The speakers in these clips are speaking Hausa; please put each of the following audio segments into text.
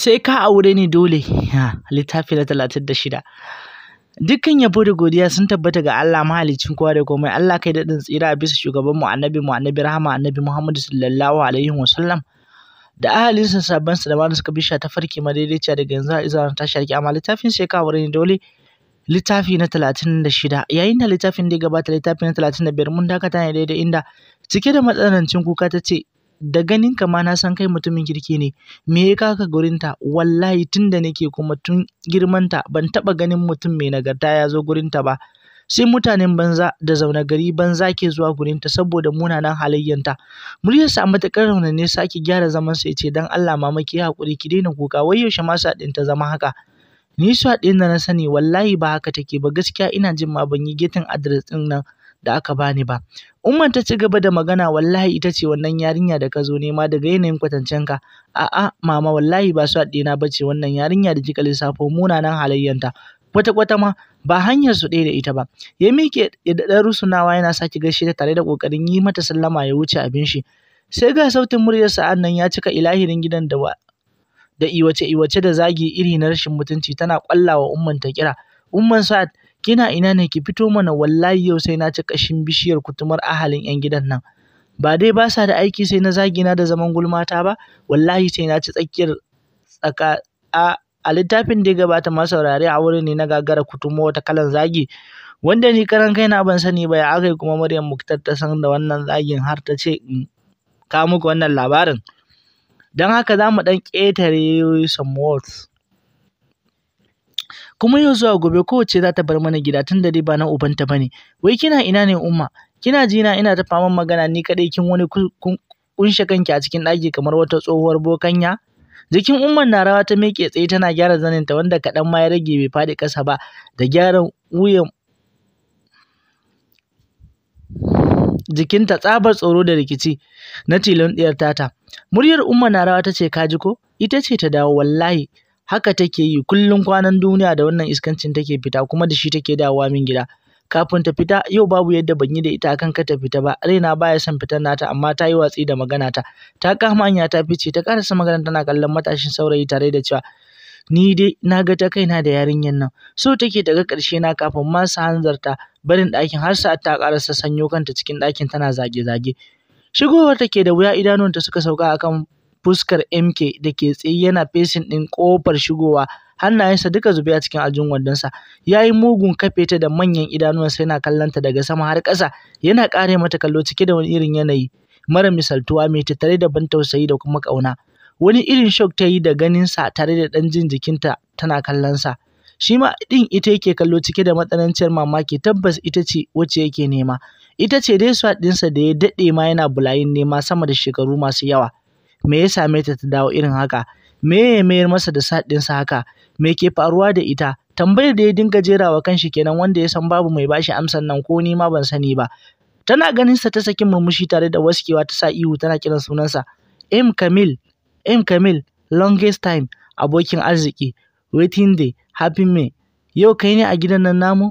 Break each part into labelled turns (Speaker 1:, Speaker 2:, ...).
Speaker 1: sai ka aure ni dole littafi na talatin da shida dukkan yabo da godiya sun tabbata ga Allah mahalicin kowa da komai Allah kai daɗin tsira bisa shugaban mu annabi mu annabi rahama annabi Muhammadu sallallahu alaihi wasallam da ahalinsa sabban su da ma suka bisha ta farki madaidaiciya daga yanzu a izuwa ta sharki amma littafin sai ka aure ni dole littafi na talatin da shida yayin da littafin da ya gabata littafi na talatin da biyar mun dakata ne daidai inda cike da matsanancin kuka ta ce da ganin ka ma na san kai mutumin kirki ne me ya kaka gurinta wallahi tun da nake kuma tun girmanta ban taɓa ganin mutum mai nagarta ya zo gurinta ba sai mutanen banza da zaune gari banza ke zuwa gurinta saboda munanan halayyanta muryarsa a matuƙar rauna ne sake gyara zaman sa yace dan Allah mama ki hakuri ki daina kuka wai yaushe ma sa ta zama haka ni sa ɗin da na sani wallahi ba haka take ba gaskiya ina jin ma ban yi getin adres ɗin nan da aka bani ba. Umman ta ci gaba da magana wallahi ita ce wannan yarinya da ka zo nema daga yanayin kwatancen ka A'a mama wallahi ba su ɗina ba ce wannan yarinya da kika lissafo munanan halayyanta. Kwata-kwata ma ba hanyar su ɗaya da ita ba. Ya miƙe ya ɗan rusunawa yana sake gaishe ta tare da ƙoƙarin yi mata sallama ya wuce abin shi. Sai ga sautin muryar sa'an nan ya cika ilahirin gidan da da iwace-iwace da zagi iri na rashin mutunci tana ƙwallawa umman ta kira. Umman Sa'ad kina ina ne ki fito mana wallahi yau sai na ci ƙashin bishiyar kutumar ahalin 'yan gidan nan. Ba dai ba sa da aiki sai na zagi na da zaman gulmata ba, wallahi sai na ci tsakiyar tsaka a a littafin da ya gabata ma saurare a wurin ne na gagara kutumo wata kalan zagi. Wanda ni karan kaina ban sani ba ya aka kuma Maryam Muktar ta san da wannan zagin har ta ce in mm, kawo muku wannan labarin. dan haka za mu ɗan ƙetare some words. kuma yau zuwa gobe kowacce za ta bar mana gida tun da dai ba na ubanta ba ne wai kina ina ne umma kina jina ina ta faman magana ni kaɗai kin wani kunshe kanki a cikin ɗaki kamar wata tsohuwar bokanya jikin umman na rawa ta meke tsaye tana gyara zaninta wanda kaɗan ma ya rage bai faɗi ƙasa ba da gyaran wuyan jikinta tsabar tsoro da rikici na tilon ɗiyar tata muryar umma na rawa ta ce kaji ko ita ce ta dawo wallahi haka take yi kullum kwanan duniya da wannan iskancin take fita kuma da shi take dawowa min gida kafin ta fita yau babu yadda ban yi da ita akan ka ta fita ba raina baya son fitar nata amma ta yi watsi da magana ta ta kama hanya ta fice ta karasa magana tana kallon matashin saurayi tare da cewa ni dai na ga ta kaina da yarinyar nan so take daga ƙarshe na kafin ma su hanzarta barin ɗakin har sa ta ƙarasa sanyo kanta cikin ɗakin tana zage-zage shigowar take da wuya idanunta suka sauka akan fuskar MK da ke tsaye yana fesin ɗin ƙofar shigowa, hannayensa duka zube a cikin aljin wandonsa. Ya yi mugun kafe ta da manyan idanuwansa yana kallonta daga sama har ƙasa, yana ƙare mata kallo cike da wani irin yanayi mara misaltuwa mai tattare da ban tausayi da kuma ƙauna. Wani irin shock ta yi da sa tare da ɗan jin jikinta tana kallonsa. Shi ma ɗin ita yake kallo cike da matsananciyar mamaki tabbas ita ce wacce yake nema. Ita ce dai swat ɗinsa da ya daɗe ma yana bulayin nema sama da shekaru masu yawa. me ya same ta ta dawo irin haka me ya mayar masa da saɗinsa haka me ke faruwa da ita tambayar da ya dinga jerawa kanshi kenan wanda ya san babu mai bashi amsan nan ko ni ma ban sani ba tana ganinsa ta saki murmushi tare da waskewa ta sa ihu tana kiran sunansa M Kamil M Kamil longest time abokin arziki waiting day happy me yau kai ne a gidan nan namu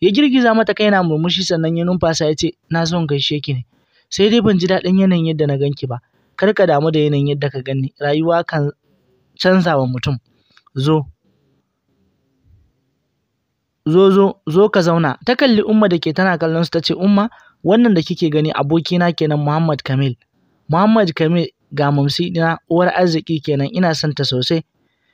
Speaker 1: ya girgiza mata kai na murmushi sannan ya numfasa ya ce na zo gaishe ki ne sai dai ban ji daɗin yanayin yadda na ganki ba Kar ka damu da yanayin yadda ka gani, rayuwa kan canza wa mutum. Zo, zo zo, zo ka zauna. Ta kalli Umma da ke tana kallon su ta ce, Umma, wannan da kike gani abokina kenan Muhammad Kamil. Muhammad Kamil ga mamsi na uwar arziki kenan ina son ta sosai.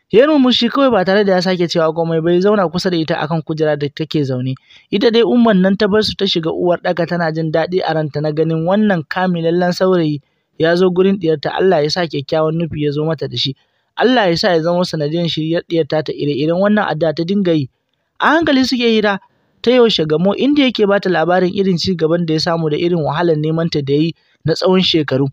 Speaker 1: Ya murmushi kawai ba tare da ya sake cewa komai bai zauna kusa da ita akan kujera da take zaune. Ita dai umman nan ta bar su ta shiga uwar ɗaka tana jin daɗi a ranta na ganin wannan kamilallen saurayi ya zo gurin ɗiyarta Allah ya sa kyakkyawan nufi ya zo mata da shi Allah ya sa ya zama sanadiyar shiryar ɗiyarta ta ire-iren wannan adda, ta dinga yi a hankali suke hira ta yaushe gamo inda yake bata labarin irin ci gaban da ya samu da irin wahalar neman ta da yi na tsawon shekaru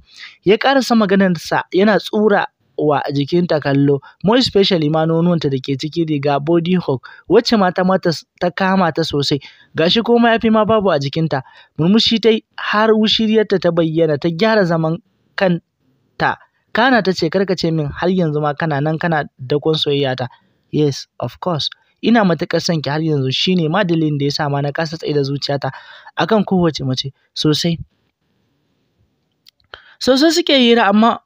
Speaker 1: ya karasa maganarsa yana tsura wa jikinta kallo more especially ma nonuwanta da ke ciki riga body hawk wacce mata mata ta kama ta sosai gashi komai ya fi ma babu a jikinta murmushi ta har wushiriyarta ta bayyana ta gyara zaman kanta. Kana ta ce karka ce min har yanzu ma kana nan kana dakon soyayya ta. Yes, of course. Ina matuƙar son ki har yanzu shine ma dalilin da ya sa ma na kasa tsaye da zuciyata akan kowace mace sosai. Sosai suke hira amma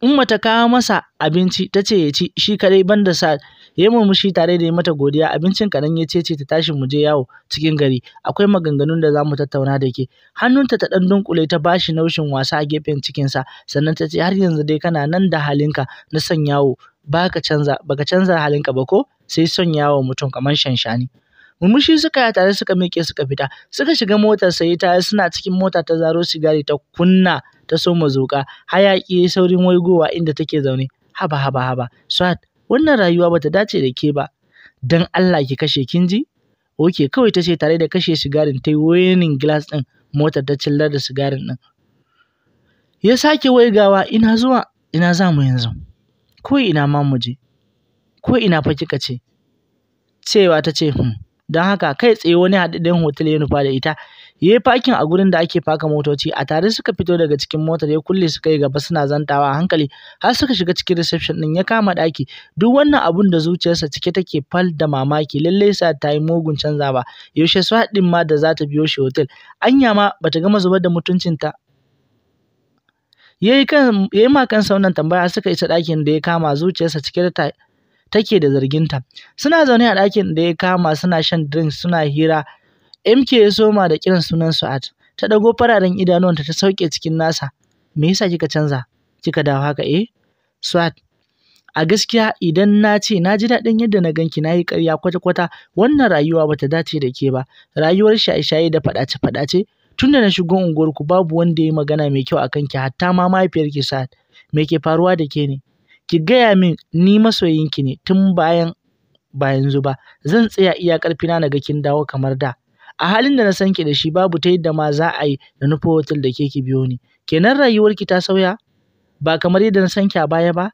Speaker 1: in mata kawo masa abinci ta ce ya ci shi kaɗai banda sa Ya yi murmushi tare da yi mata godiya abincin kaɗan ya ce ta tashi mu je yawo cikin gari akwai maganganun da za mu tattauna da ke. Hannunta ta ɗan dunkule ta shi naushin wasa a gefen cikinsa sannan ta ce har yanzu dai kana nan da halinka na son yawo baka canza baka canza halinka ba ko sai son yawo mutum kamar shanshani. murmushi suka yi tare suka miƙe suka fita suka shiga motar sai ta suna cikin mota ta zaro sigari ta kunna ta so zuƙa hayaƙi saurin waigowa inda take zaune haba haba haba swat wannan rayuwa bata dace da ke ba dan Allah ki kashe kin ji oke kawai tace tare da kashe sigarin ta gilas glass ɗin motar ta cillar da sigarin ɗin ya sake waigawa ina zuwa ina za mu yanzu ko ina ma mu je ko ina fa kika ce cewa ta ce hmm, don haka kai tsaye wani haɗaɗɗen hotel ya nufa da ita ya fakin a gurin da ake faka motoci a tare suka fito daga cikin motar ya kulle su kai gaba suna zantawa a hankali har suka shiga cikin reception din ya kama daki duk wannan abun da zuciyarsa cike take fal da mamaki lalle sa ta yi mugun canza ba yaushe su haɗin ma da za ta biyo shi hotel anya ma bata gama zubar da mutuncinta Ya yi ma kansa wannan tambaya suka isa ɗakin da ya kama zuciyarsa cike da take da zarginta suna zaune a ɗakin da ya kama suna shan drinks suna hira MK ya soma da kiran sunan Su'ad. Ta ɗago fararen idanuwanta ta sauke cikin nasa. Me yasa kika canza? Kika dawo haka eh? Su'ad, a gaskiya idan na ce na ji daɗin yadda na ganki na yi ƙarya kwata-kwata wannan rayuwa bata dace da ke ba rayuwar shaye-shaye da faɗace-faɗace tunda na shigo unguwarku babu wanda ya magana mai kyau akan ki hatta ma mahaifiyar ki sa'ad me ke faruwa da ke ne ki gaya min ni masoyinki ne tun bayan ba yanzu ba zan tsaya iya ƙarfina na ga kin dawo kamar da A halin da na san ki da shi babu ta yadda ma za a yi da nufin hotel da ke ki biyo ni. Kenan rayuwarki ta sauya? Ba kamar yadda na san ki a baya ba?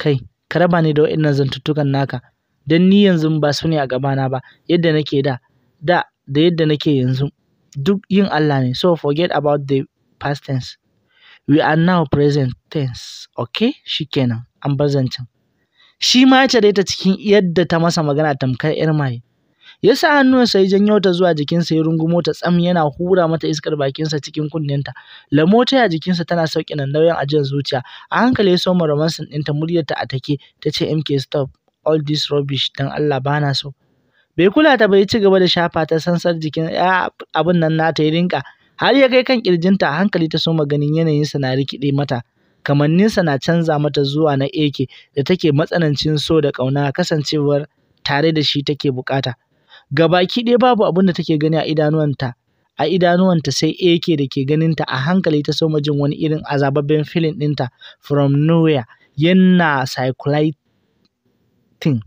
Speaker 1: Kai, ka raba ni da waɗannan zantuttukan naka. Dan ni yanzu ba su ne a gabana ba, yadda nake da, da da yadda nake yanzu. Duk yin Allah ne, so forget about the past tense. We are now present tense, okay? Shi an bar shi ma ya ta cikin yadda ta masa magana tamkar ‘yar maye. Ya sa hannuwansa ya janyo ta zuwa jikinsa ya rungumo ta tsam yana hura mata iskar bakinsa cikin kunninta. Lamo ta a jikinsa tana sauƙi nan nauyin ajiyar zuciya. A hankali ya soma romansin ɗinta muryarta a take ta ce MK stop all this rubbish don Allah bana so. Bai kula ta bai ci gaba da shafa ta sansar jikin 'ya' abin nan nata ya rinka har ya kai kan kirjinta a hankali ta soma ganin yanayinsa na rikide mata. kamanninsa na canza mata zuwa na Eke da take matsanancin so da ƙauna kasancewar tare da shi take bukata. Gabaki ɗaya babu abin da take gani a idanuwanta, a idanuwanta sai Eke da ke ganinta a hankali ta soma jin wani irin azababben filin ɗinta from nowhere yana circulating.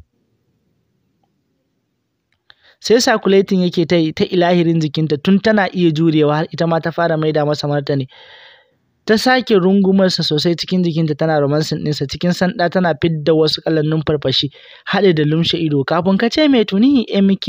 Speaker 1: sai circulating yake ta ta ilahirin jikinta tun tana iya jurewa har ita ma ta fara maida masa martani ta sake rungumarsa sosai cikin jikinta tana romansin dinsa, cikin sanda tana fidda wasu kalannin farfashi haɗe da lumshe ido kafin ka ce mai tuni mk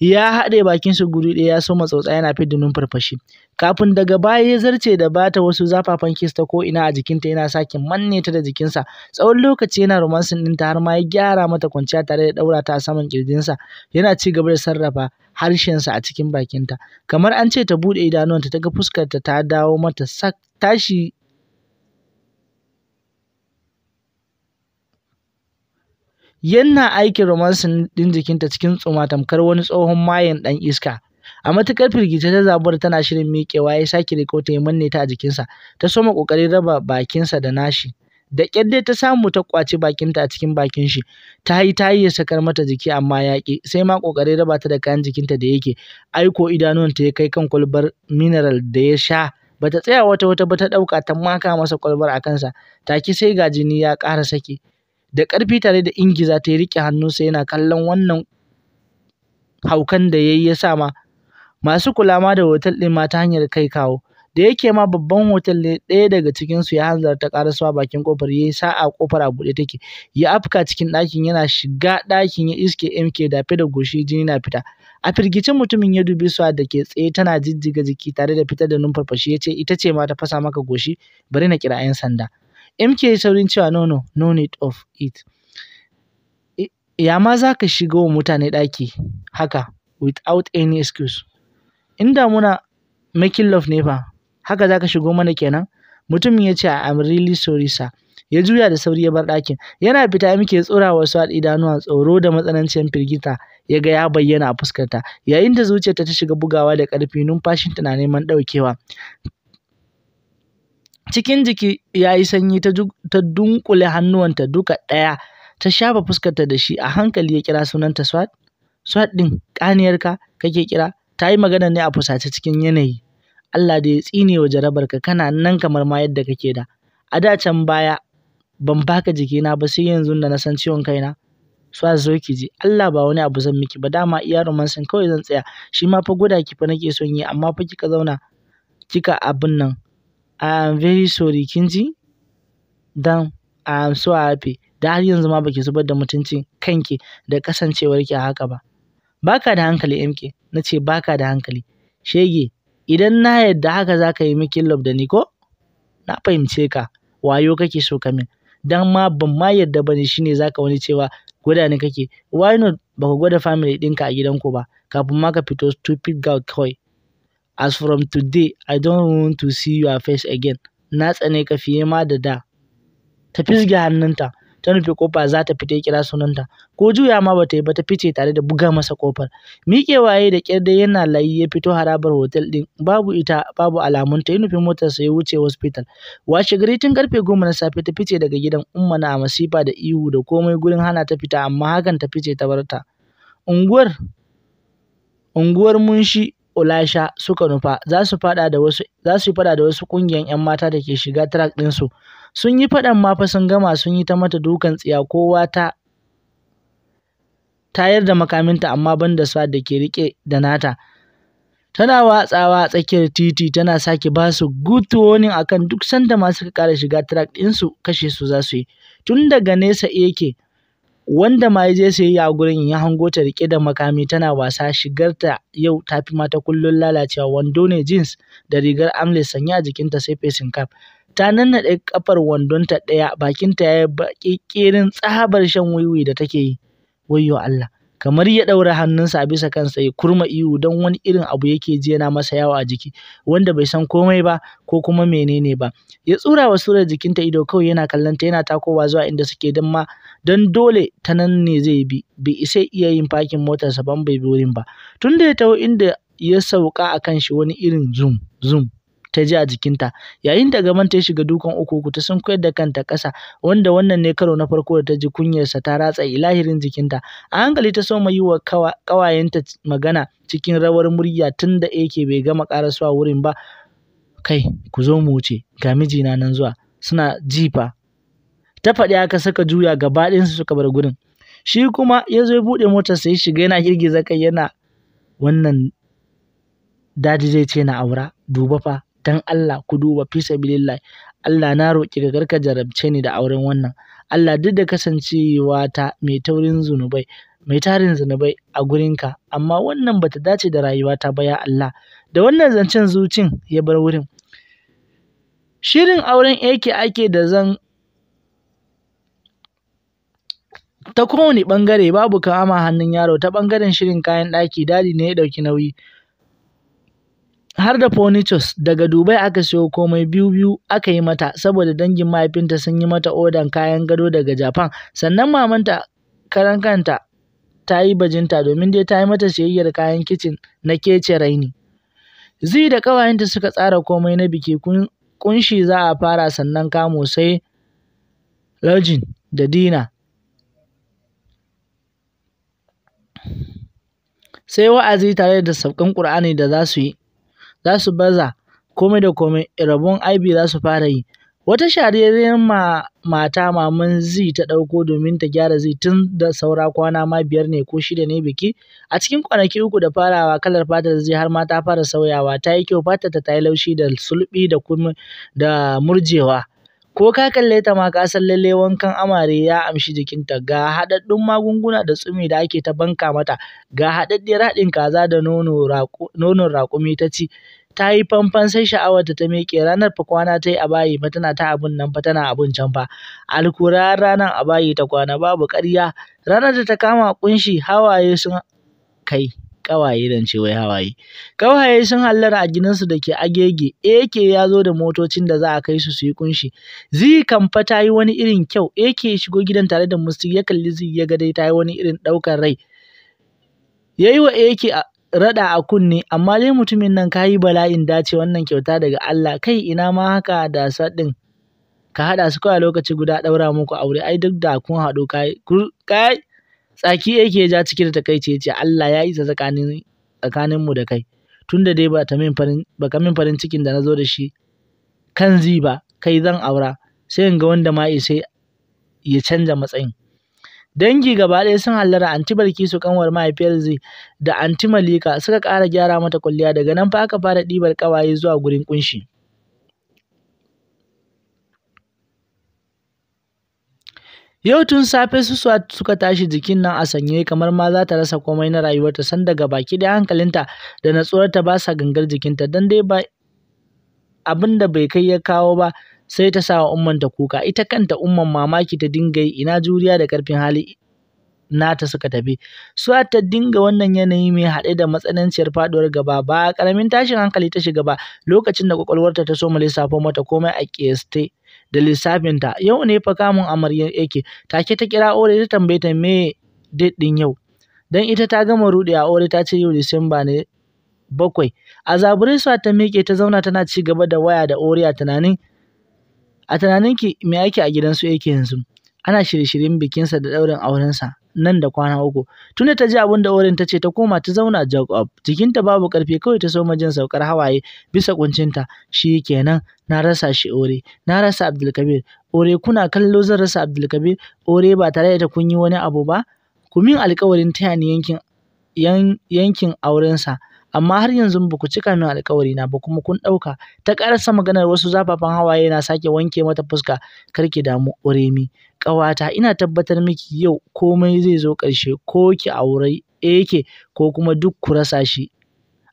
Speaker 1: ya haɗe bakinsu guri ɗaya ya soma tsautsa yana fidda numfarfashi kafin daga baya ya zarce da bata wasu zafafan kis ta ko ina a jikinta yana sake manne ta da jikinsa tsawon lokaci yana romansin ɗinta har ma ya gyara mata kwanciya tare da ɗaura ta saman kirjinsa yana ci gaba da sarrafa harshensa a cikin bakinta kamar an ce ta buɗe idanuwanta ta ga fuskarta ta dawo mata sak tashi yana aikin romansin ɗin jikinta cikin tsuma tamkar wani tsohon mayen ɗan iska a matukar firgice ta zabar tana shirin miƙewa ya sake riko ta ya manne ta a jikinsa ta soma ƙoƙarin raba bakinsa da nashi da ƙyar dai ta samu ta ƙwaci bakinta a cikin bakin shi ta yi ta yi sakar mata jiki amma ya sai ma ƙoƙari raba ta da kayan jikinta da yake aiko ta ya kai kan kwalbar mineral da ya sha bata tsaya wata wata ba ta ɗauka ta maka masa kwalbar a kansa Taki sai ga jini ya ƙara saki da ƙarfi tare da ingiza ta riƙe hannunsa yana kallon wannan haukan da ya yi ya sa ma masu kula ma da hotel ɗin ma ta hanyar kai kawo da yake ma babban hotel ne ɗaya daga cikin su ya hanzarta karasuwa bakin kofar yayi yi sa'a kofar a buɗe take ya afka cikin ɗakin yana shiga ɗakin ya iske mk da da goshi jini na fita a firgice mutumin ya dubi Suwa da ke tsaye tana jijjiga jiki tare da fitar da numfarfashi ya ce ita ce ma ta fasa maka goshi bari na kira 'yan sanda mk ya saurin cewa no no no need of it ya ma za ka shiga wa mutane ɗaki haka without any excuse in da muna making love ne fa haka za ka shigo mana kenan mutumin ya ce I'm really sorry sir ya juya da sauri ya bar ɗakin yana fita muke tsora wa Suad idanuwa tsoro da matsananciyar firgita ya ga ya bayyana a fuskarta yayin da zuciyarta ta shiga bugawa da ƙarfi numfashin na neman ɗaukewa cikin jiki ya yi sanyi ta dunkule hannuwanta duka ɗaya ta shafa fuskarta da shi a hankali ya kira sunanta Swat. Swat ɗin ƙaniyarka kake kira ta yi magana ne a fusace cikin yanayi Allah da ya tsine wa jarabarka kana nan kamar ma yadda kake da. A da can baya ban baka jikina ba sai yanzu da na san ciwon kaina. So a zo ki ji Allah ba wani abu zan miki ba dama iya sun kawai zan tsaya shi ma fa guda ki fa nake son yi amma fa kika zauna kika abin nan. I am very sorry kin ji? Dan I am so happy da har yanzu ma baki zubar da mutuncin kanki da kasancewarki a haka ba. Baka da hankali MK na ce baka da hankali. Shege Idan na yadda haka za ka yi min da ni ko? Na fahimce ka, wayo kake so ka min. Dan ma ban ma yadda ba ne shi ne za ka wani cewa gwada ni kake. Why not ba ka gwada family ɗinka a gidanku ba kafin ma ka fito stupid girl kawai. As from today, I don't want to see your face again. Na tsane ka fiye ma da da. Ta fisge hannunta. ta nufi kofa za ta fita kira sunanta ko juya ma bata yi ba ta fice tare da buga masa kofar Miƙe waye da kyar dai yana layi ya fito harabar hotel din babu ita babu alamun ta ya nufi motar sa ya wuce hospital washe gari tun karfe goma na safe ta fice daga gidan umma na masifa da ihu da komai gurin hana ta fita amma hakan ta fice ta ta unguwar unguwar munshi Olasha suka nufa za su fada da wasu za su fada da wasu kungiyan 'yan mata da ke shiga track su sun yi faɗan ma fa sun gama sun yi ta mata dukan tsiya kowa ta tayar da makaminta amma ban da sa da ke riƙe da nata tana watsawa a tsakiyar titi tana sake ba su good warning akan duk sanda masu ka ƙara shiga track ɗinsu kashe su za su yi tun daga nesa yake wanda ma ya je sayayya a gurin ya hango ta riƙe da makami tana wasa shigarta yau ta fi mata kullun lalacewa wando ne jeans da rigar amle sanye a jikinta sai facing cap ta nannaɗe kafar wandonta ɗaya bakinta ya yi baƙi tsabar shan wiwi da take yi wayyo Allah kamar ya ɗaura hannunsa a bisa kansa ya kurma ihu don wani irin abu yake ji yana masa yawa a jiki wanda bai san komai ba ko kuma menene ba ya tsura wa surar jikinta ido kawai yana kallonta yana takowa zuwa inda suke don ma don dole ta nan ne zai bi bai isa iya yin fakin motarsa ban bai bi wurin ba tunda ya taho inda ya sauka a kan shi wani irin zum zum ta ji a jikinta. Yayin da gabanta ya shiga dukan uku-uku ta koyar da kanta ƙasa wanda wannan ne karo na farko da ta ji kunyarsa ta ratsa ilahirin jikinta. A hankali ta soma yi wa ƙawayenta magana cikin rawar murya tun da yake bai gama ƙarasuwa wurin ba. Kai, ku zo mu wuce, ga mijina nan zuwa, suna jifa. Ta faɗi haka saka juya gaba su suka bar gurin. Shi kuma ya zo ya buɗe motarsa ya shiga yana girgiza kai yana wannan daji zai ce na aura duba fa dan Allah ku duba fi sabilillah Allah na roƙi ka karka jarabce ni da auren wannan Allah duk da kasancewa ta mai taurin zunubai mai tarin zunubai a gurinka amma wannan bata dace da rayuwata ba ya Allah da wannan zancen zucin ya bar wurin shirin auren yake ake da zan ta kowane ɓangare babu kama hannun yaro ta ɓangaren shirin kayan ɗaki dadi ne ya ɗauki nauyi har da furnitures daga Dubai aka siyo komai biyu-biyu aka yi mata, saboda dangin mahaifinta sun yi mata odan kayan gado daga Japan, sannan mamanta karan kanta ta yi bajinta domin dai ta yi mata siyayyar kayan kicin na kece raini. Zai da ƙawayenta suka tsara komai na biki, kunshi za a fara sannan kamo sai Lajin da dina. Sai wa'azi tare da saukan Ƙur'ani da za su yi. za su baza komai da komai rabon IB za su fara yi. Wata shahararriyar ma mata Maman zai ta ɗauko domin ta gyara zai tun da saura kwana ma biyar ne ko shida ne biki. A cikin kwanaki uku da farawa kalar fatar zai har ma ta fara sauyawa, ta yi kyau fatarta ta yi laushi da sulɓi da kuma da murjewa. ko ka kalle ta ma ka san lalle wankan amare ya amshi jikinta ga haɗaɗɗun magunguna da tsumi da ake ta banka mata ga haɗaɗɗiyar haɗin kaza da nono nonon raƙumi ta ci ta yi fanfan sai sha'awarta ta miƙe ranar fa kwana ta yi a bayi fa tana ta abun nan fa tana abun can fa alkura ranar a ta kwana babu ƙarya ranar da ta kama ƙunshi hawaye sun kai ƙawaye dan ce wai hawaye. Ƙawaye sun hallara a gidansu da ke agege, Eke ya zo da motocin da za a kai su su yi kunshi. Zi kamfa ta yi wani irin kyau, Eke ya shigo gidan tare da musti ya kalli zi ya ga dai ta yi wani irin ɗaukar rai. Ya yi wa Eke raɗa a kunne, amma dai mutumin nan ka yi bala'in dace wannan kyauta daga Allah, kai ina ma haka da saɗin. ka haɗa su kawai lokaci guda ɗaura muku aure ai duk da kun haɗu kai Tsaki yake ja cike da takaici ya ce Allah ya isa tsakanin mu da kai. Tunda dai ba ta min farin ba ka farin cikin da na zo da shi kan zi ba kai zan aura sai in ga wanda ma isa ya canza matsayin. Dangi gaba ɗaya sun hallara anti su kanwar mahaifiyar Zi da anti Malika suka ƙara gyara mata kwalliya daga nan fa aka fara ɗibar ƙawaye zuwa gurin ƙunshi. Yau tun safe su suka tashi jikin nan a sanye kamar ma za ta rasa komai na rayuwarta san daga baki da hankalinta da natsuwarta ba sa gangar jikinta don dai ba abin da bai kai ya kawo ba sai ta sawa ummanta kuka ita kanta umman mamaki ta dinga yi ina juriya da karfin hali nata suka tafi Suwat ta dinga wannan yanayi mai haɗe da matsananciyar faduwar gaba ba karamin tashin hankali ta shiga ba lokacin da kwakwalwarta ta so mu lissafo mata komai a ƙiyaste da lissafinta yau ne fa kamun amaryar yake take ta kira ore ta tambaye ta me date yau dan ita ta gama a ore ta ce yau Disamba ne bakwai a zaburin sa ta miƙe ta zauna tana ci gaba da waya da ore a tunanin a tunanin ki me yake a gidansu yake yanzu ana shirye-shiryen bikinsa da ɗaurin aurensa nan da kwana uku. Tunda ta ji abin da Orin ta ce ta koma ta zauna Jacob. Jikinta babu ƙarfi kawai ta soma jin saukar hawaye bisa kuncinta. Shi kenan na rasa shi Ore, na rasa Abdulkabir. Ore kuna kallo zan rasa Abdulkabir, Ore ba tare da kun yi wani abu ba? Ku min alƙawarin taya ni yankin yankin aurensa amma har yanzu ba ku cika min alkawari na ba kuma kun ɗauka. Ta ƙarasa maganar wasu zafafan hawaye na sake wanke mata fuska, kar ki damu Uremi. Ƙawata ina tabbatar miki yau komai zai zo ƙarshe ko ki aure eke ko kuma duk ku rasa shi.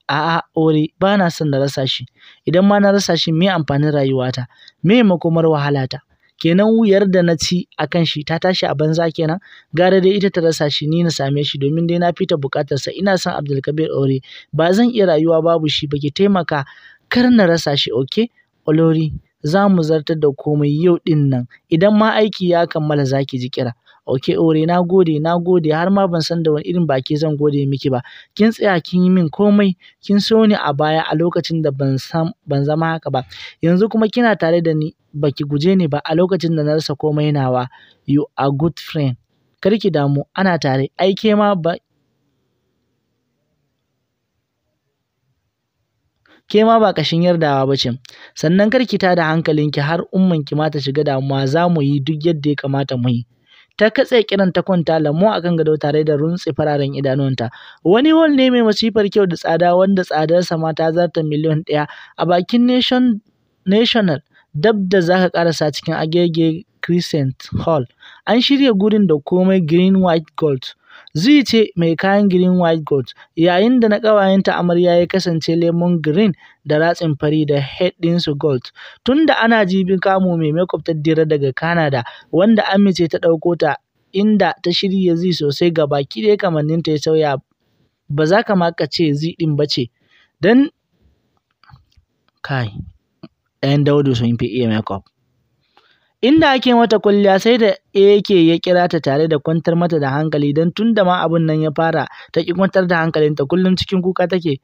Speaker 1: A'a, Ore, ba na son na rasa shi. Idan ma na rasa shi, me amfanin rayuwata? Me makomar wahalata? kenan wuyar da na ci a kan shi ta tashi a banza kenan gara dai ita ta rasa shi ni na same shi domin dai na fita bukatarsa ina son Abdulkabir Aure ba zan iya rayuwa babu shi ba ki taimaka kar na rasa shi oke. Olori za mu zartar da komai yau din nan idan ma aiki ya kammala za ki ji kira Ok Ore na gode, na gode har ma ban san da wani irin baki zan gode miki ba. Kin tsaya kin yi min komai, kin so ni a baya a lokacin da ban san ban zama haka ba. Yanzu kuma kina tare da ni baki guje ni ba a lokacin da na rasa komai nawa. You a good friend. Kar ki damu ana tare. Ai ke ma ba ke ma ba kashin yardawa ba ce. Sannan kar ki tada hankalinki har ki ma ta shiga damuwa za mu yi duk yadda ya kamata mu yi. ta katse kiran ta kwanta lamo a kan gado tare da runtse fararen idanunta. Wani hol ne mai masifar kyau da tsada wanda tsadarsa ma ta zarta miliyon ɗaya a bakin nation, National dab da za ka ƙarasa cikin Agege Crescent Hall. An shirya gurin da komai green white gold. Zee ce mai kayan green white gold yayin da na ƙawayenta amarya ya kasance lemon green da ratsin fari da head ɗinsu gold. Tun da ana jibin kamu mai ta Dira daga Canada, wanda an ta ɗauko ta, inda ta shirya zi sosai gaba, ɗaya kamanninta ya sauya ba za ka ma ce Zee ɗin ba ce. Don kai, ‘yan Daudu sun fi iya makeup. Inda ake mata kwalliya sai da AK ya kira ta tare da kwantar mata da hankali don tun da ma abin nan ya fara ta ki kwantar da hankalinta kullum cikin kuka take.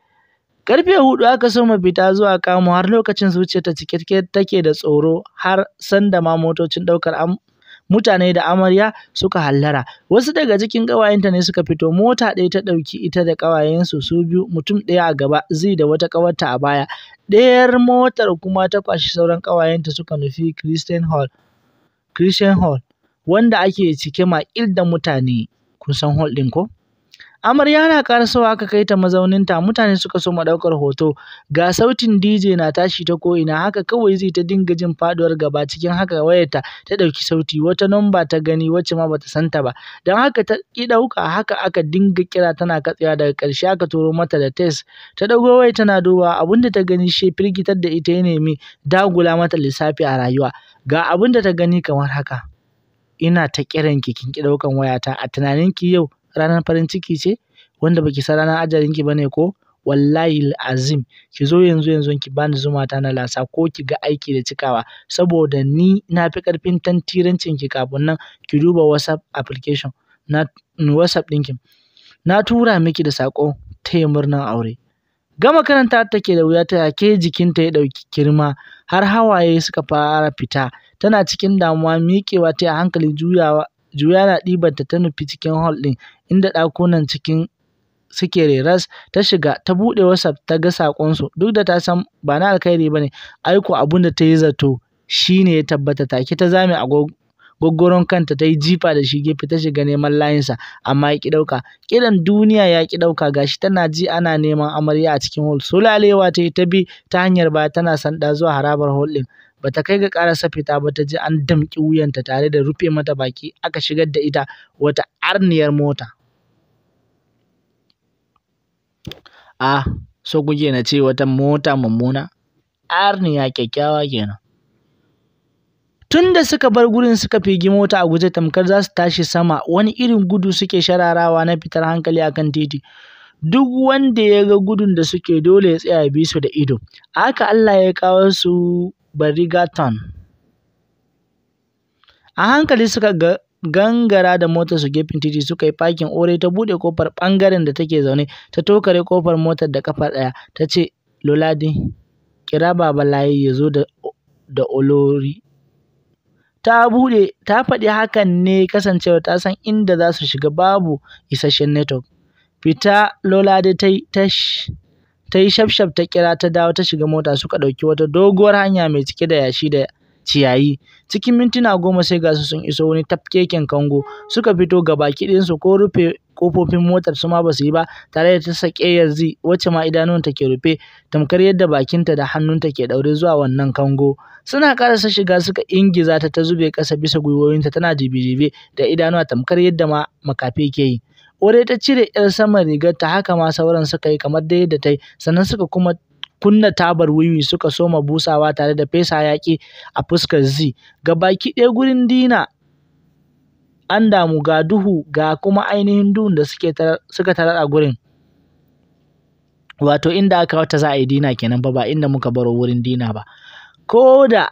Speaker 1: Karfe hudu aka so fita zuwa kamo har lokacin zuciyarta cike take da tsoro har sanda ma motocin daukar mutane da amarya suka hallara wasu daga cikin ƙawayenta ne suka fito mota ɗaya ta ɗauki ita da ƙawayensu su biyu mutum ɗaya a gaba zai da wata ƙawarta a baya ɗayar motar kuma ta kwashi sauran ƙawayenta suka nufi christian hall Christian Hall wanda ake cike ma'il da mutane. Kun san hall ɗin ko? Amarya na karasowa aka kai ta mazauninta, mutane suka so ɗaukar hoto. Ga sautin DJ na tashi ta ko'ina, haka kawai zai ta dinga jin faɗuwar gaba cikin haka wayarta ta ɗauki sauti, wata namba ta gani wacce ma bata san ta ba. Don haka ta ƙi ɗauka, haka aka dinga kira tana katsewa daga ƙarshe aka turo mata da text. Ta ɗago wayar tana duba, abin ta gani shi firgitar da ita ya nemi dagula mata lissafi a rayuwa. Ga abin ta gani kamar haka. Ina ta kiranki kin ki ɗaukan wayata, a tunaninki yau ranar farin ciki ce wanda baki san ranar ajalinki bane ko wallahi azim ki zo yanzu yanzu ki bani zuma ta na lasa ko ki ga aiki da cikawa saboda ni na fi karfin tantirancin ki kafin nan ki duba WhatsApp application na WhatsApp ɗinki. Na tura miki da saƙo taya murnan aure. Gama karanta take da wuya ta ke jikinta ya ɗauki kirma har hawaye suka fara fita tana cikin damuwa miƙewa ta hankali juyawa juya na ɗibanta ta nufi cikin hall ɗin inda ɗakunan cikin suke reras, ta shiga ta buɗe WhatsApp ta ga saƙonsu duk da ta san ba na alkhairi ba ne, aiko abin da ta yi zato shi ne ya tabbata take ta zame a gwaggwaron kanta ta yi jifa da shi gefe ta shiga neman layinsa amma ya ƙi ɗauka. Kiran duniya ya ƙi ɗauka gashi tana ji ana neman amarya a cikin hall. Sulalewa ta yi ta bi ta hanyar baya tana sanda zuwa harabar hall ɗin. Bata kai ga ƙara safita ba ta ji an damƙi wuyanta tare da rufe mata baki aka shigar da ita wata arniyar mota. A so kuke na ce wata mota mummuna? ya kyakkyawa kenan. Tun da suka bar gurin suka fegi mota a guje tamkar za su tashi sama wani irin gudu suke shararawa na fitar hankali akan titi. Duk wanda ya ga gudun da suke dole ya tsaya bi su da ido. A haka Allah ya kawo su barigaton A hankali suka ga gangara da motar su gefen titi suka yi fakin ore ta buɗe kofar ɓangaren da take zaune ta tokare kofar motar da kafa ɗaya ta ce "Lolade, kira Layi ya zo da, da olori ta bude ta faɗi hakan ne kasancewa ta san inda za su shiga babu isasshen network fita lolade ta ta yi shafshaf ta kira ta dawo ta shiga mota suka ɗauki wata doguwar hanya mai cike da yashi da ciyayi. Cikin mintuna goma sai gasu sun iso wani tafkeken kango, suka fito ga baki ɗayansu ko rufe kofofin motar su ma ba su yi ba, tare da ta sake yanzu wacce ma ta ke rufe, tamkar yadda bakinta da hannunta ke daure zuwa wannan kango. Suna karasa shiga suka ingiza ta ta zube ƙasa bisa gwiwowinta tana jibi jibi, da idanuwa tamkar yadda ma makafi ke yi. Ore ta cire ‘yar saman rigarta haka ma sauran suka yi kamar dai yadda ta yi, sannan suka kuma kunna tabar wiwi suka soma busawa tare da fesa yaƙi a fuskar zi ga baki ɗaya gurin dina an damu ga duhu ga kuma ainihin duhun da suka tarar a gurin. Wato inda aka wata za a yi dina kenan ba ba inda muka baro wurin dina ba. Ko da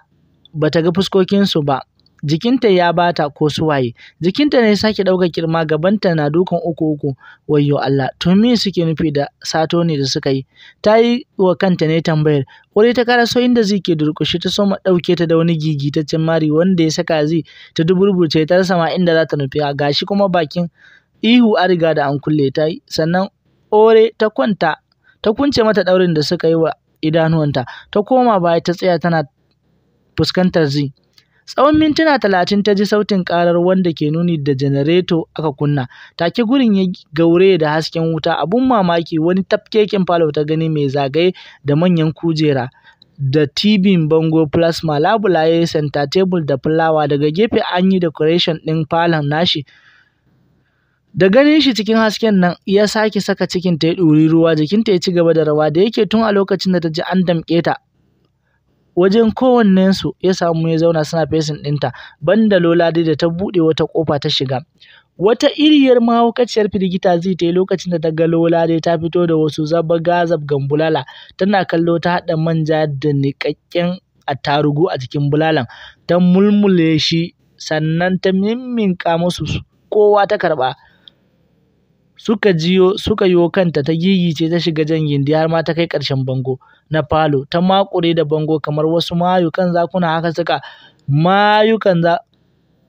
Speaker 1: bata ga fuskokinsu ba jikinta ya bata ko su waye? jikinta ne sake ɗaukar kirma gabanta na dukan uku uku wayyo Allah to me suke nufi da sato ne da suka yi ta yi wa kanta ne tambayar wani ta so inda zai ke durƙushe ta soma ɗauke ta da wani gigitaccen mari wanda ya saka zai ta duburburce ta rasa ma inda za ta nufi a gashi kuma bakin ihu a riga da an kulle ta yi sannan ore ta kwanta ta kunce mata ɗaurin da suka yi wa idanuwanta ta koma baya ta tsaya tana fuskantar zi Tsawon mintuna talatin ta ji sautin karar wanda ke nuni da janareto aka kunna, take gurin ya gaure da hasken wuta, abun mamaki wani tafkekin falo ta gani mai zagaye da manyan kujera. da tibin bango plasma labulaye center table da fulawa daga gefe an yi decoration ɗin falon nashi da ganin shi cikin hasken nan ya sake saka cikin ta ya ɗuri ruwa jikinta ya ci gaba da rawa da yake tun a lokacin da ta ji an damƙe ta wajen kowannensu ya samu ya zauna suna fesin ɗinta banda lolade da ta buɗe wata ƙofa ta shiga wata iriyar mahaukaciyar firgita zai ta yi lokacin da ta ga dai ta fito da wasu zabaga zabgan bulala tana kallo ta haɗa manja da niƙaƙƙen attarugu a jikin bulalan ta mulmule shi sannan ta mimminka musu kowa ta karɓa suka jiyo suka kanta ta gigice ta shiga jan gindi har ma ta kai ƙarshen bango na falo ta makure da bango kamar wasu mayukan zakuna haka suka mayukan za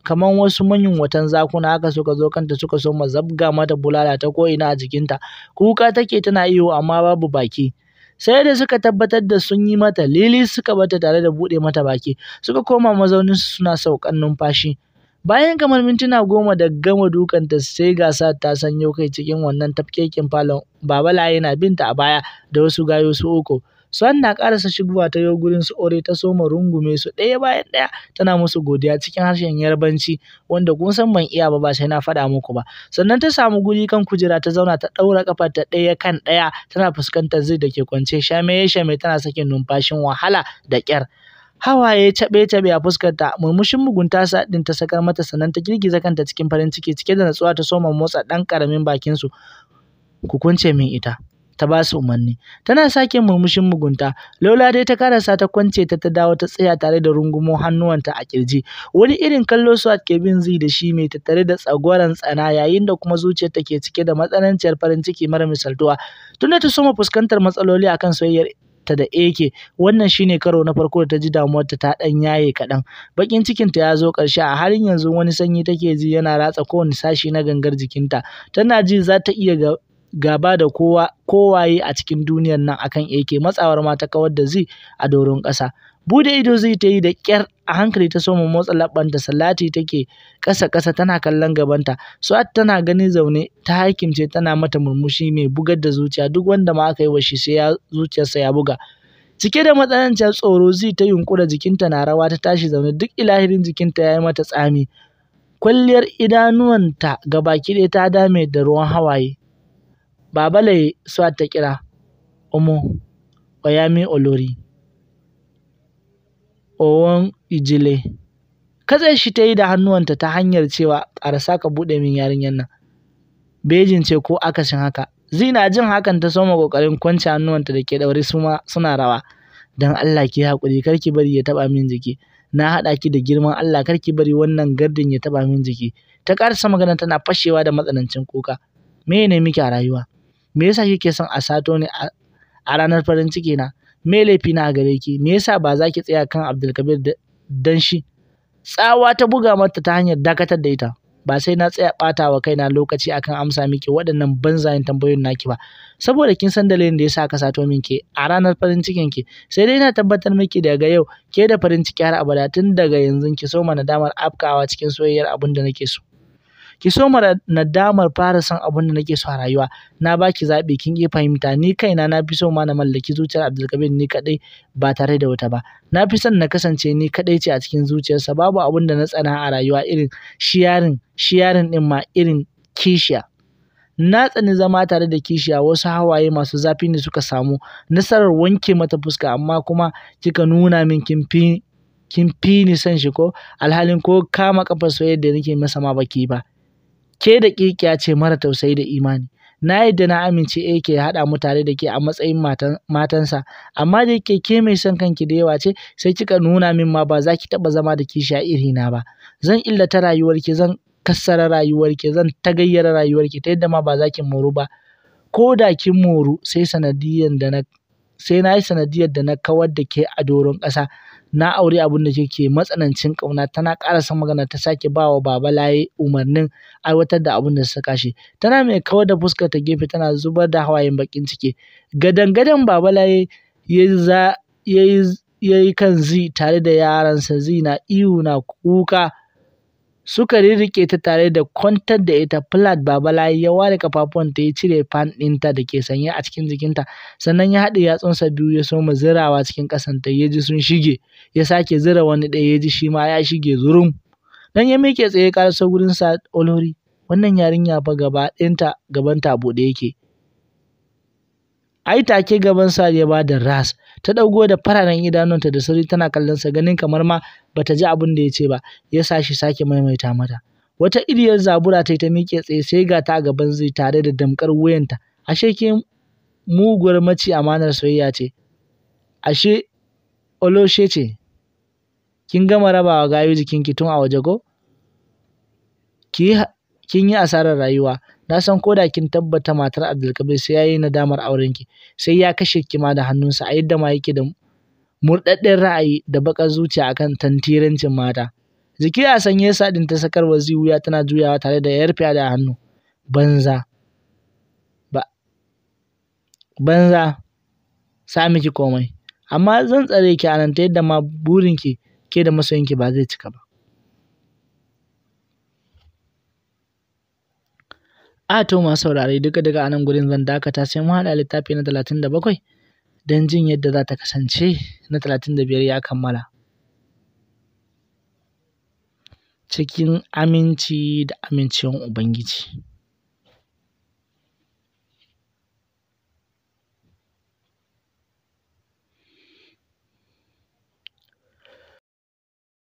Speaker 1: kamar wasu manyan watan zakuna haka suka zo kanta suka so zabga mata bulala ta ko'ina a jikinta kuka take tana iyo amma babu baki sai da suka tabbatar da sun yi mata lili suka bata tare da buɗe mata baki suka koma mazauninsu suna saukan numfashi Bayan kamar mintuna goma da gama dukanta sai gasa ta sanyo kai cikin wannan tafkekin falon babala yana binta a baya da wasu gayo su uku. Swan na karasa shigowa ta yo gurin su ore ta soma rungume su ɗaya bayan ɗaya tana musu godiya cikin harshen yarbanci wanda kun san ban iya ba ba sai na faɗa muku ba. Sannan ta samu guri kan kujera ta zauna ta ɗaura ƙafar ta ɗaya kan ɗaya tana fuskantar zai da ke kwance shame shame tana sakin numfashin wahala da ƙyar. Hawaye caɓe-caɓe a fuskarta, murmushin mugunta din ta sakar mata sannan ta girgiza kanta cikin farin ciki cike da natsuwa ta soma motsa ɗan ƙaramin bakinsu. Ku kunce min ita. Ta ba su umarni. Tana sake murmushin mugunta. Lola dai ta karasa ta kwance ta ta dawo ta tsaya tare da rungumo hannuwanta a kirji. Wani irin kallo su ke bin zi da shi mai tattare da tsagoran tsana yayin da kuma zuciyar ke cike da matsananciyar farin ciki mara misaltuwa. Tunda ta soma fuskantar matsaloli akan soyayyar ta da AK wannan shine karo na farko da ta ji damuwar ta ta dan yaye kaɗan bakin cikinta ya zo karshe a halin yanzu wani sanyi take ji yana ratsa kowane sashi na gangar jikinta tana ji za ta iya gaba da kowa kowaye a cikin duniyar nan akan AK matsawar ma ta kawar da zi a doron ƙasa Bude ido zai ta yi da ƙyar a hankali ta soma motsa labanta Salati take kasa kasa tana kallon gabanta. Suat tana gani zaune ta hakimce tana mata murmushi mai bugar da zuciya duk wanda ma aka yi wa shi sai ya zuciyarsa ya buga. Cike da matsananciyar tsoro zai ta yunkura jikinta na rawa ta tashi zaune duk ilahirin jikinta ya yi mata tsami. Kwalliyar idanuwanta ga gaba ɗaya ta dame da ruwan hawaye. Babalaye Suat ta kira. Omo, Oyami Olori. Owon Ijile. Katse shi ta yi da hannuwanta ta hanyar cewa ƙarasa ka buɗe min yarinyar nan. Bejin ce ko akasin haka. Zina jin hakan ta soma ƙoƙarin kwance hannuwanta da ke ɗaure suma suna rawa. Don Allah ki haƙuri kar ki bari ya taɓa min jiki. Na haɗa ki da girman Allah kar ki bari wannan gardin ya taɓa min jiki. Ta ƙarasa magana tana fashewa da matsanancin kuka. Me ne miki a rayuwa? Me yasa kike son a sato ni a ranar farin ciki na? me laifi na gare ki me yasa ba za ki tsaya kan Abdulkabir dan shi tsawa ta buga mata ta hanyar dakatar da ita ba sai na tsaya ɓata wa kaina lokaci akan amsa miki waɗannan banzayen tambayoyin naki ba saboda kin san dalilin da yasa ka sato min minki a ranar farin cikin ki sai dai ina tabbatar miki daga yau ke da farin ciki har abada tun daga yanzu ki so mana damar afkawa cikin soyayyar abin da nake so ki so mara nadamar fara son abin da nake so a rayuwa na baki zaɓi kin ki fahimta ni kaina na fi so ma na mallaki zuciyar Abdulkabir ni kadai ba tare da wata ba na fi son na kasance ni kaɗai ce a cikin zuciyarsa babu abin da na tsana a rayuwa irin shiyarin yarin din ma irin kishiya na tsani zama tare da kishiya wasu hawaye masu zafi ne suka samu nasarar wanke mata fuska amma kuma kika nuna min kin fi kin fi ni san shi ko alhalin ko kama kafar soyayya da nake masa ma baki ba Ke da ƙirƙiya ce mara tausayi da imani. Na yadda na amince eh ke haɗa mutane da ke a matsayin matansa, amma da yake ke mai son kanki da yawa ce sai kika nuna min ma ba za ki taɓa zama da iri na ba. Zan illata rayuwarki, zan kassara rayuwarki, zan tagayyara rayuwarki ta yadda ma ba za ki moru ba. Ko da kin moru sai na sai na yi sanadiyar da na kawar da ke a doron ƙasa. na aure abin da kike matsanancin ƙauna tana ƙara san magana ta sake ba wa baba laye umarnin aiwatar da abin da suka kashe tana mai kawar da fuskar ta gefe tana zubar da hawayen bakin ciki gadan-gadan baba laye ya yi kan zi tare da yaransa zi na ihu na kuka suka rirriƙe ta tare da kwantar da ita flat babalayi ya ware ta ya cire fan ɗinta da ke sanye a cikin jikinta sannan ya haɗe yatsunsa biyu ya soma zirawa cikin ƙasanta ya ji sun shige ya sake zira wani ɗaya ya ji shi ma ya shige zurum dan ya miƙe tsaye ƙarasa gurin sa olori wannan yarinya fa gaba ɗinta gabanta buɗe yake ai take gaban sa ya da ras ta ɗaugo da fararen idanunta da sauri tana kallon sa ganin kamar ma bata ji abin da ya ce ba ya sa shi sake maimaita mata wata iriyar zabura ta yi ta miƙe tsaye sai ga ta gaban zai tare da damkar wuyanta ashe ke muguwar mace amanar soyayya ce ashe oloshe ce kin gama rabawa gayu jikinki tun a waje ko kin yi asarar rayuwa na san ko da kin tabbata matar Abdulkabir sai yayi nadamar aurenki sai ya kashe ki ma da hannunsa a yadda ma yake da murɗaɗɗen ra'ayi da baƙar zuciya akan tantirancin mata. Jiki a sanye ɗin ta sakar wa wuya tana juyawa tare da yar fiya da hannu. Banza. Ba. Banza. Sa miki komai. Amma zan tsare ki anan ta yadda ma ki ke da masoyinki ba zai cika ba. A to masu saurare duka daga anan gurin zan dakata sai mu haɗa littafi na talatin da bakwai. don jin yadda za ta kasance na talatin da biyar ya kammala. Cikin aminci da amincewan Ubangiji.